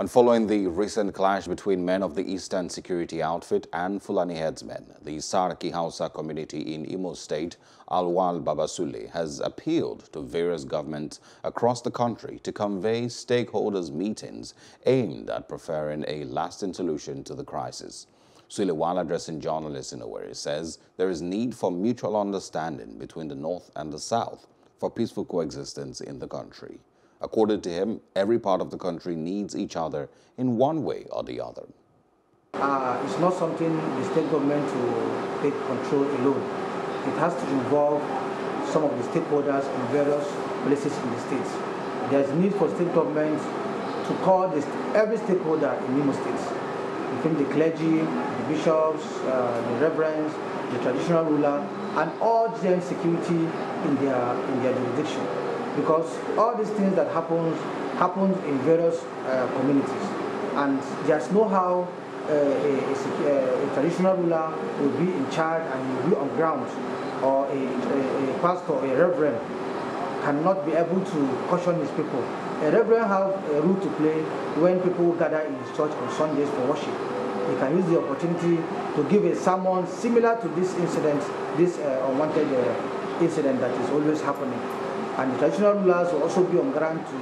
And following the recent clash between men of the Eastern Security Outfit and Fulani headsmen, the Sarki Hausa community in Imo State, Alwal Babasule, has appealed to various governments across the country to convey stakeholders' meetings aimed at preferring a lasting solution to the crisis. while addressing journalists in he says there is need for mutual understanding between the North and the South for peaceful coexistence in the country. According to him, every part of the country needs each other in one way or the other. Uh, it's not something the state government to take control alone. It has to involve some of the stakeholders in various places in the states. There's need for state government to call this, every stakeholder in Nemo states, including the clergy, the bishops, uh, the reverends, the traditional ruler, and urge them security in their, in their jurisdiction because all these things that happens happens in various uh, communities, and there's no how uh, a, a, uh, a, traditional ruler will be in charge and will be on ground, or a, a, a pastor, a reverend cannot be able to caution his people. A reverend have a role to play when people gather in his church on Sundays for worship. He can use the opportunity to give a sermon similar to this incident, this uh, unwanted uh, incident that is always happening. And the traditional rulers will also be on ground to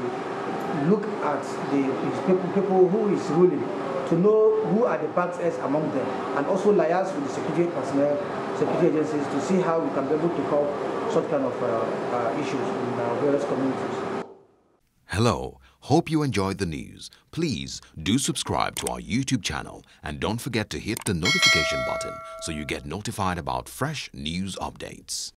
look at the people, people who is ruling to know who are the bad eggs among them and also liaise with the security personnel, security agencies to see how we can be able to help such kind of uh, uh, issues in uh, various communities. Hello. Hope you enjoyed the news. Please do subscribe to our YouTube channel and don't forget to hit the notification button so you get notified about fresh news updates.